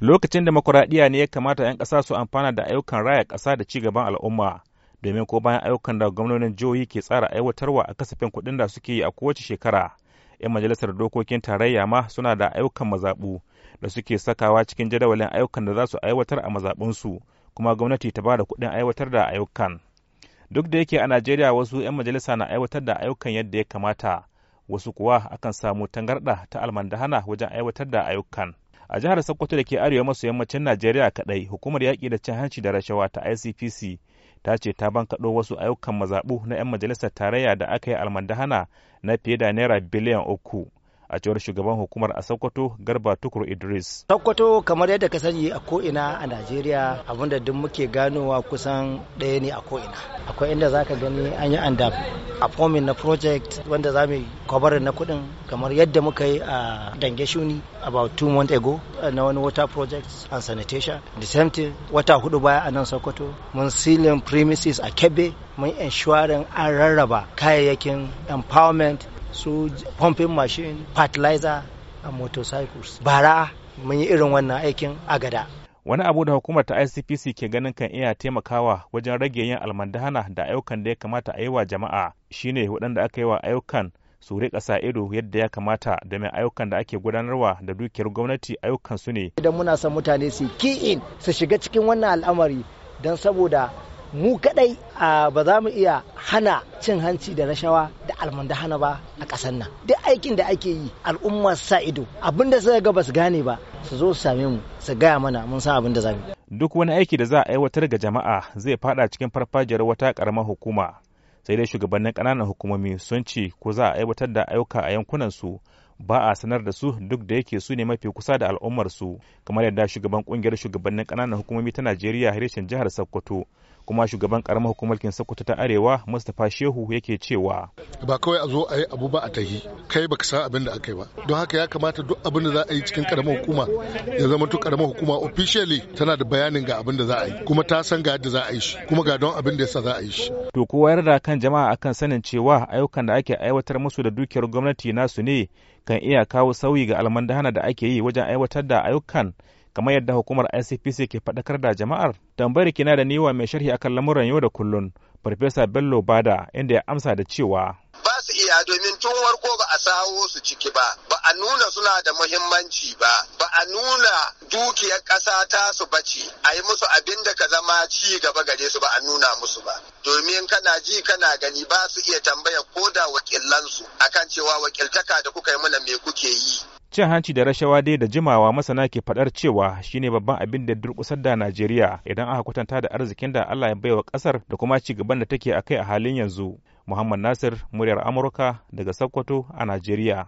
lokacin demokuraɗiyya ne ya kamata 'yan ƙasa su amfana da ayyukan raya ƙasa da ci gaban al'umma domin ko bayan ayyukan da gwamnonin jihohi ke tsara aiwatarwa a kasafin kuɗin da suke yi a kowace shekara 'yan majalisar dokokin tarayya ma suna da ayyukan mazaɓu da suke sakawa cikin jadawalin ayyukan da za su aiwatar a mazaɓunsu kuma gwamnati ta ba da kuɗin aiwatar da ayyukan duk da yake a najeriya wasu 'yan majalisa na aiwatar da ayyukan yadda ya kamata wasu kuwa akan samu tangarɗa ta almandahana wajen aiwatar da ayyukan a jihar sokoto da ke arewa maso yammacin najeriya kadai hukumar yaƙi da cin hanci da rashawa ta icpc ta ce ta bankaɗo wasu ayyukan mazaɓu na 'yan majalisar tarayya da aka yi almandahana na fiye da naira biliyan uku a cewar shugaban hukumar a Sokoto Garba Tukur Idris. Sokoto kamar yadda ka sani a ko'ina a Najeriya abinda duk muke ganowa kusan ɗaya ne a ko'ina. Akwai inda zaka gani an yi anda a fomin na project wanda za mu kwabarin na kuɗin kamar yadda muka yi a Dange Shuni about two months ago na wani water project and sanitation. The same thing wata hudu baya a nan Sokoto mun silin premises a kebe mun ensuring an rarraba kayayyakin empowerment su pumping machine fertilizer a motorcycles bara mun yi irin wannan aikin a gada wani abu da hukumar ta icpc ke ganin kan iya taimakawa wajen rage yin almandahana da ayyukan da ya kamata a yi wa jama'a shine waɗanda aka yi wa ayyukan su rika sa ido yadda ya kamata mai ayyukan da ake gudanarwa da dukiyar gwamnati ayyukan su ne idan muna son mutane su in su shiga cikin wannan al'amari don saboda mu kaɗai ba za mu iya hana cin hanci da rashawa da hana ba a ƙasar nan duk aikin da ake yi al'umma sa ido abin da suka ga ba su gane ba su zo su same mu su gaya mana mun san abin da za mu duk wani aiki da za a aiwatar ga jama'a zai fada cikin farfajiyar wata karamar hukuma sai dai shugabannin ƙananan hukumomi sun ce ko za a aiwatar da ayyuka a yankunan su ba a sanar da su duk da yake su ne mafi kusa da al'ummar su kamar yadda shugaban kungiyar shugabannin ƙananan hukumomi ta Najeriya harishin jihar Sokoto kuma shugaban karamar hukumar sokoto ta arewa mustapha shehu yake cewa ba kawai a zo a yi abu ba a tahi kai baka san abin da aka yi ba don haka ya kamata duk abin da za a yi cikin karamar hukuma ya zama to karamar hukuma officially tana da bayanin ga abin da za a yi kuma ta san ga yadda za a yi shi kuma ga don abin da yasa za a yi shi to kowa rada kan jama'a akan sanin cewa ayyukan da ake aiwatar musu da dukiyar gwamnati nasu ne kan iya kawo sauyi ga almandahana da ake yi wajen aiwatar da ayyukan kamar yadda hukumar ICPC ke faɗakar da jama'ar tambayar kina da niwa mai sharhi akan lamuran yau da kullun Farfesa Bello Bada inda ya amsa da cewa ba su iya domin tun warko ba a sawo su ciki ba ba a nuna suna da muhimmanci ba ba a nuna dukiyar ƙasa ta su bace a yi musu abin da ka zama ci gaba gare su ba a nuna musu ba domin kana ji kana gani ba su iya tambaya ko da wakilansu akan cewa wakiltaka da kuka yi mana me kuke yi cin hanci da rashawa dai da jimawa masana ke fadar cewa shine babban abin da durkusar da najeriya idan aka kwatanta da arzikin da allah ya baiwa kasar da kuma ci gaban da take akai a halin yanzu muhammad nasir muryar amurka daga sokoto a najeriya